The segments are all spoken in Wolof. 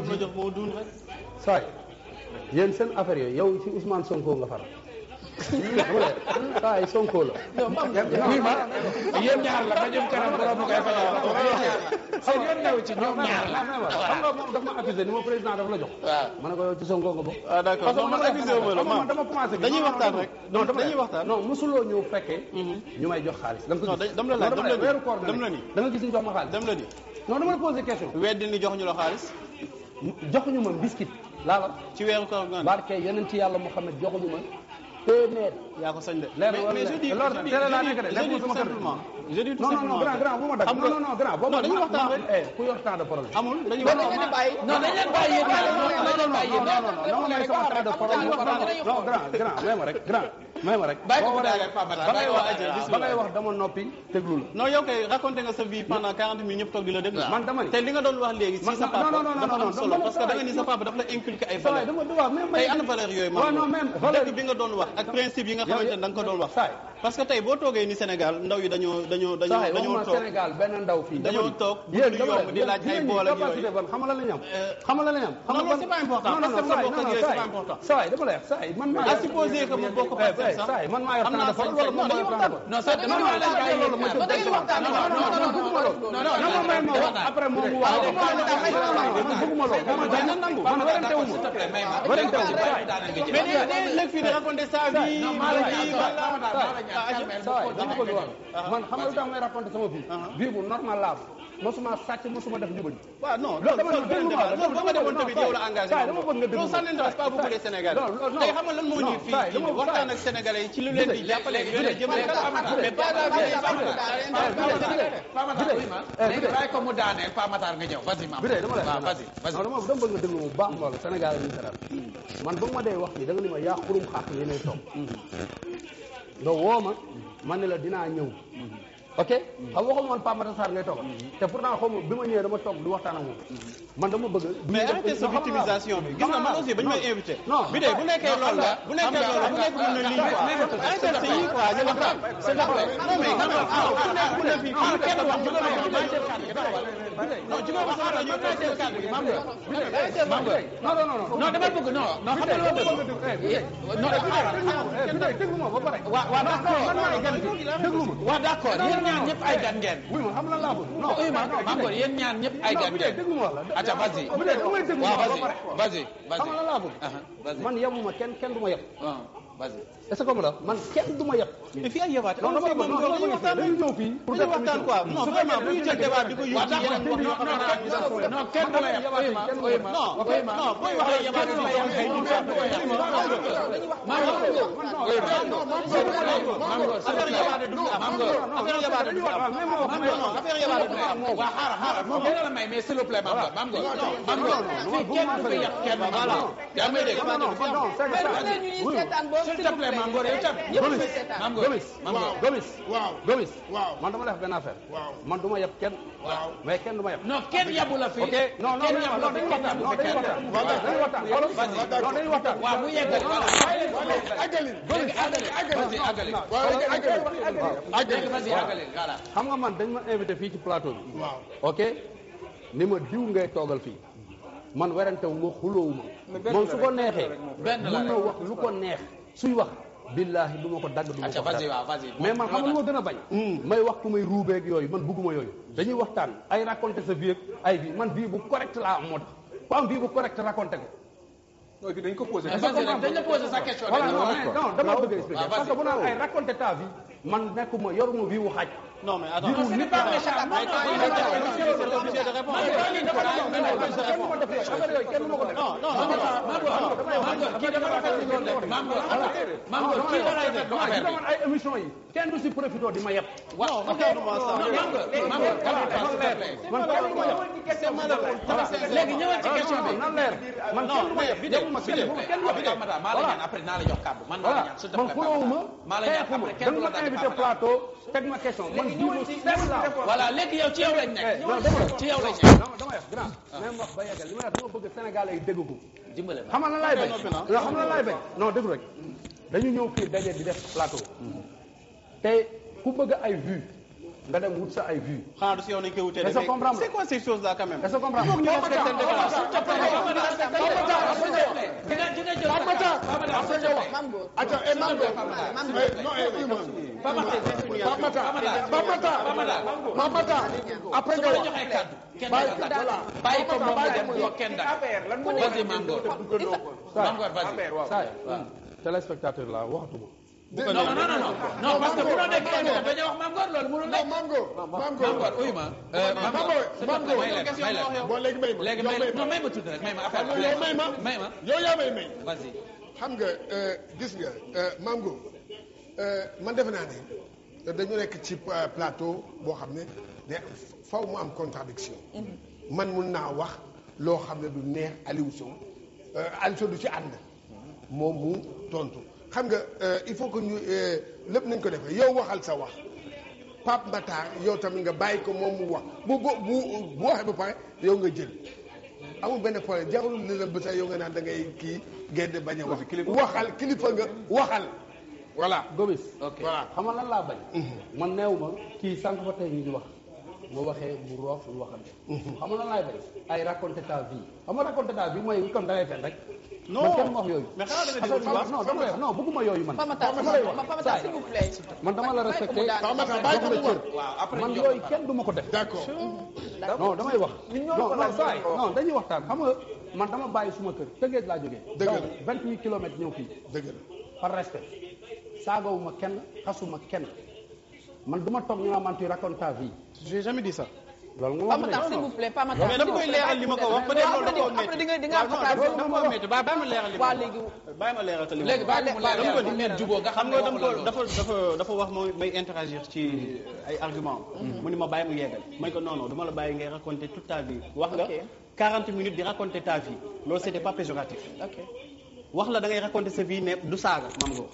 tey jii saa yi yéen seen affaire yooyu yow ci Ousmane Sonko nga far. waaw Sonko la. non ma yéen ñaar la ba jëm kanam borom koy fayal. a yoon ñëw ci ñoom ñaar la. xam nga moom dafa ma accusé a ma président dafa la jox. waaw ma ko yow ci Sonko nga bokk. ah d'accord parce que man accusé wu ma la ma dama commencé. dañuy waxtaan rek non dañuy fekkee. Mhm. ñu may jox xaalis. dama ko gis non dama la laaj dama la ni da nga gis ñu jox ma xaalis. dama la ni non dama la posé question. weddi ni jox ñu la xaalis. joxuñu ma biscuit laala ci weeru koor barke yeneen ci yàlla Muhammad joxuñu ma téeméer yaa ko sañ de leer mais je dis je dis tout simplement non non grand grand bu ma dagg grand boobu dañuy waxtaan ku yor de parole amul dañuy waxtaan dañu bàyyi may ba ngay wax dama noppi déglu la. non yow kay nga sa vie pendant 40 minutes ñëpp toog di la déglu. man te li nga doon wax léegi. si sa papa dafa am solo parce que da nga sa papa daf la inculquer ay valeurs. valeur yooyu ma dëgg bi nga doon wax ak principe yi nga xamante ne da ko doon wax. parce que tey boo toogee ni Sénégal ndaw yi dañoo toog du yomb di laaj ay bool ak yooyu xamala la ñam euh, xamala la ñam non non important parce que saay man maa yor temps de parole wala moom maa yor temps de non sax non non gars yi loolu mooy non non bëgguma loolu non non may ma wax après moom mu wax man bëgguma loolu man dañ na nangu man warante wu ma warante wu ma mais léegi léegi fii de raconter sa vie ma la vie bala dama ko wax man xam nga tax may raconter sama vie vie bu normal laa mosuma sàcc mosuma def jubali waaw non dama demoon tamit yow la engagé dama bëgg nga déglu ça n'intéresse pas beaucoup les Sénégalais tey xam nga lan moo ñu fii waxtaan ak Sénégalais yi ci lu leen di jàppale leen jëmale kanam mais Paa Matar ah, eh, ko mu daaneel Paa Matar nga dama bëgg nga déglu bu baax loolu Sénégal ñu teral man ba ma dee wax ni da ni ma yaa xurum xaq yi ne toog mm-hmm. nga woo ma man ne la dinaa ñëw ok xam waxuma woon Pape Matar Sarr ngay toog te pourtant xaw ma bi ma ñëwee dama toog di waxtaan ak moom man dama bëgg sa victimisation bi gis nga man aussi bi de bu nekkee loolu la bu nekkee loolu la bu nekk mën na lii quoi arrêtez sa yii quoi ñu waxtaan c'est d'accord non mais ku nekk ku nekk fii kenn wax jógal wax maa jël carte gi non jógal wax sama ñu maa ñaar ñëpp ay gan ngeen. wuy ma xam lan laa bëgg. non non ma ma ko yéen ñaar ñëpp ay gan ngeen. aca vas-y. waaw vas-y vas-y vas-y. xam lan laa bëgg. Uh-huh, man yemuma kenn kenn du ma yem. Uh-huh, vas-y est-ce que man kenn du ma yem. mais fii ay yabaate non non non dañuy ñëw fii pour def waxtaan quoi non vraiment bu ñu jël débat di ko yóbbu yeneen wax non kenn du la yabaate ma non non booy wax ay yabaate ma yam kay ñu fam ko yam ma affaire yabaate du am affaire yabaate du am affaire yabaate du am wa xaar xaar mo gën la may mais s'il vous plaît mam mam go mam go fi kenn du fi yàq kenn voilà yaa may dégg non non s'il te plaît mam go yow tam ñëpp seetaan Gomis man Gomis waaw Gomis man dama lay wax benn affaire man du ma yeb kenn ma yeb non kenn yebu la fii ok non non non dañuy waxtaan non dañuy waxtaan non dañuy waxtaan waaw mu yeggali nga man dañ ma invité fii ci plateau bi ok ni ma diw ngay toogal fii man werante wu ma xulóowu ma moom su ko neexee mën na lu ko neex suy wax billaahi du ma ko dagg du ma ko dagg mais man xam nga ma gën a bañ hmm. may waxtu may ruubeeg yooyu man bugguma yooyu dañuy waxtaan ay raconté sa vie ay vie man bii bu correct laa am moo tax ku am vie bu correct raconté ko dañ ko posé sa question non dama bëgg expliqué parce que bu ay raconté ta vie man nekkuma yoruma vie wu xaaj Non mais attends, c'est pas méchant. C'est obligé de répondre. Non, non, non. ay émission yi kenn du si profité di ma yeb. waaw ok léegi ñëwal ci ah, question bi. man kenn du ma yeb. après naa la jox kàddu. man maa la ñaan maa la ñaan après kenn du la daal di plateau teg ma question voilà léegi yow ci yow lañ nekk eh, ci yow lañ nekk dama yox grand ah. même wax ba yeggal li ma wax dama bëgg Sénégalais yi dégg ko dimbale xam nga lan laay bañ non xam nga lan laay bañ non dégg rek dañu ñëw fii daje di def plateau tey ku bëgg ay vue nga dem wut sa ay vues. xanaa du si yow nañu koy wutee de mais c'est quoi ces choses là quand même. est-ce que comprendre il faut que ñu respecté seen déclaration. Papa Dia Bamata Bamata Bamata après nga wax bàyyi ko voilà bàyyi ko moom nga dem ko kenn daal vas-y Mangor Mangor vas-y saa téléspectateur la waxatuma non non non non parce que bu doon nekk kenn dañu wax Mangor loolu mënul nekk Mangor Mangor oui ma euh, Mangor Mangor bon léegi may ma léegi may ma may ma tuuti rek may ma affaire may ma may ma yow yaa may may vas-y xam nga euh, gis nga euh, Mangor Euh, man defe naa ne dañu nekk ci euh, plateau boo xam ne faw mu am contradiction mhm. man mun naa wax loo xam ne du neex Aliou Sow euh, Aliou Sow du ci ànd moom mu tontu xam nga il faut que ñu lépp nañ ko defee yow waxal sa wax Pape Matar yow tamit nga bàyyi ko moom mu wax bu bu bu waxee ba pare yow nga jël amul benn problème jarul ne la ba yow nga naan da ngay kii gedd bañ a wax waxal kilifa nga waxal voilà Gomis. ok voilà xam nga lan laa bañ. Mhm. man neew ma kii sànq fa tey ñu di wax. boo waxee mu roof lu waxante. Mhm. xam nga lan laay bañ ay raconter ta vie xam nga raconter mooy kon da ngay fen rek. man kenn wax yooyu. mais xanaa da nga non yooyu man. Pamata Pamata s'il vous plaît man dama la ko mu daan man yooyu kenn du ma ko def. d'accord non damay wax. non non dañuy waxtaan xam man dama bàyyi suma kër tëngeej laa jógee. dëgg la 28 kilomètres ñëw fii. dëgg la par respect. saagawuma kenn xasuma kenn man du ma toog ñu naan man tu racontes ta vie. j'ai jamais dit ça. loolu moo ma s'il vous plaît Pamatar mais dama ma ko wax. peut-être loolu da koo métti bàyyi ma leeral li ma nga xam nga dama ko dafa dafa wax mooy may interagir ci ay argument mhm. mu ma bàyyi mu yeggal may ko non non la bàyyi ngay raconter toute ta vie. wax nga 40 minutes di raconter ta vie loolu c'était pas péjoratif. wax la da ngay sa vie du saaga mam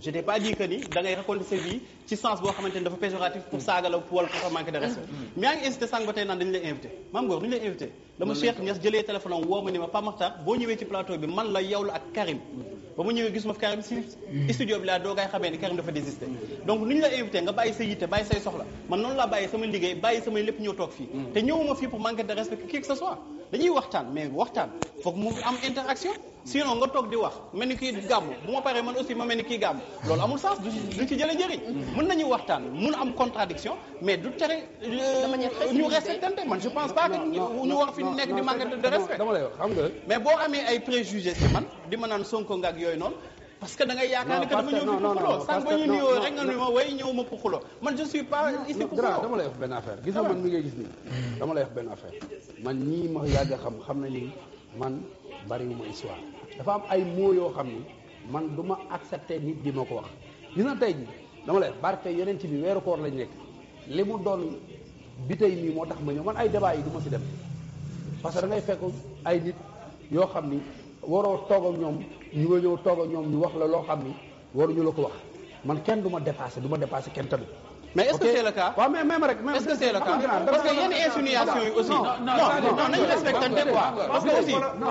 je n'ai pas dit que ni da ngay raconter sa vie ci sens boo xamante dafa péjoratif pour saaga la wala pour manquer de respect mm-hmm. mais yaa ngi insisté sànq ba tey naan dañu lay invité maam Ngor duñu lay invité dama Cheikh Niass jëlee téléphone am ma ni ma Pape Makhtar boo ñëwee ci plateau bi man la yow la ak Karim mm-hmm. ba mu ñëwee gis fi Karim si mm-hmm. studio bi laa doogaay xamee ni Karim dafa désister donc nu ñu la invité nga bàyyi sa yitte bàyyi say soxla man noonu laa bàyyi sama liggéey bàyyi samay lépp ñëw toog fii te ñëwuma fii pour manquer dañuy waxtaan mais waxtaan foog mu am interaction sinon nga toog di wax mel ni kii gàmm bu ma paree man aussi ma mel ni kii gàmm loolu amul sens du ci jëlee njëriñ mhm. mën nañu waxtaan mun am contradiction mais du tere euh, ñu respectante man je pense pas que ñu war fi nekk di manque de respect dama mais boo amee ay préjugés ci man di ma naan Sonko nga ak yooyu noonu parce que da yaakaar ne que dama ñëw fi pour xuloo sànq ba ñu nuyoo rek nga nuyu ma way ñëw ma pour xuloo man je suis pas ici pour xuloo dama lay wax benn affaire gis nga man mi ngay gis nii dama lay wax benn affaire man ñii ma yàgg a xam xam na ni man bariwuma histoire dafa am ay moo yoo xam ni man du ma accepté nit di ma ko wax gis nga tey ji dama lay barke yeneen ci bi weeru koor lañ nekk li mu doon bi tey nii moo tax ma ñëw man ay débat yi du ma si dem parce que yoo xam ni waroo toog ak ñoom ñu nga ñëw toog ak ñoom ñu wax la loo xam ni waruñu la ko wax man kenn du ma dépassé du ma dépassé kenn tamit. mais est-ce que c'est le cas waaw mais même rek est-ce que c'est le cas parce que yenn insinuation yi aussi non nañu respectante quoi parce que aussi non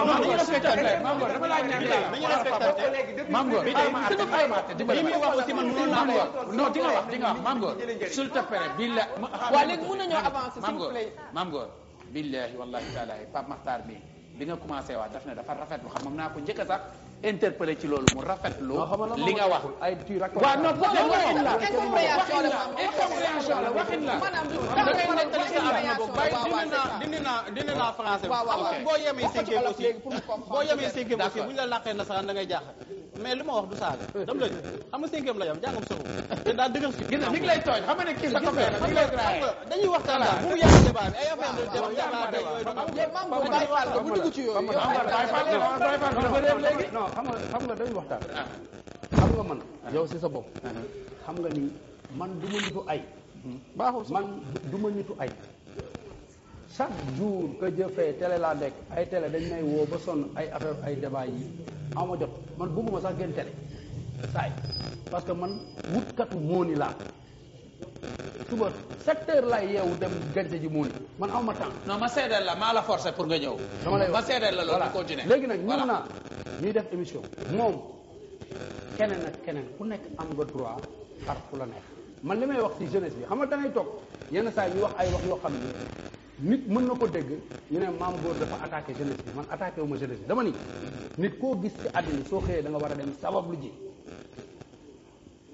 li muy wax aussi man bi la waaw léegi mën nañoo avancer s'il vous plaît billahi wallahi taala Pape Makhtar bi bi nga commencé wax daf ne rafet lu xam moom naa ko njëkk sax interpellé ci loolu mu rafetlu li nga wax waaw non waxin la incompréhension la waxin la dangay nettali sa àdduna boobu bàyyi dindi naa dindi naa français boo yemee cinquième aussi boo yemee cinquième aussi bu ñu la làqee nasaraan da ngay jaaxal mais li ma wax du saaga dam la xam nga cinquième la yam ay man yow si sa bopp nga ni man nitu ay baaxul man du ma nitu ay chaque jour que je fais télé laa nekk ay télé dañ may woo ba sonn ay affaire ay débat yi ama jot man bëgguma sax gën télé saay parce que man wutkatu mooni laa suba sept heures laay yeewu dem gàncax ji mooni man aw ma temps. non ma seedeel la maa la forcé pour nga ñëw. dama lay wax ma seedeel la loolu léegi nag ñëw naa ñuy def émission moom keneen ak keneen ku nekk am nga droit xar ku la neex man li may wax ci jeunesse bi xam nga dangay toog yenn saa ñu wax ay wax yoo xam ne. nit mën na ko dégg ñu ne maam góor dafa attaqué jeunesse bi man attaqué wu ma jeunesse bi dama ni nit koo gis ci àddina soo xëyee danga nga war a dem sabab lu ji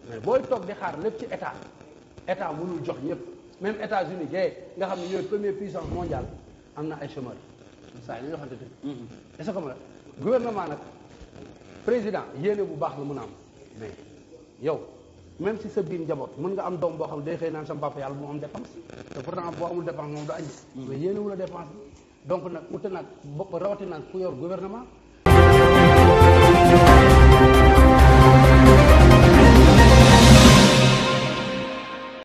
mais booy toog di xaar lépp ci état état mënul jox ñëpp même États-Unis gay nga xam ne ñooy première puissance mondiale am na ay chômeurs saa yi ñu waxante dëgg est-ce que gouvernement nag président yéene bu baax la mën a am mais yow même si sa biir njaboot mën nga am doom boo xam ne day xëy naan sama papa yàlla bu mu am dépense te pourtant boo amul dépense moom du añis mm. mais yéene wu la dépense bi donc ute nag bopp rawati nag ku yor gouvernement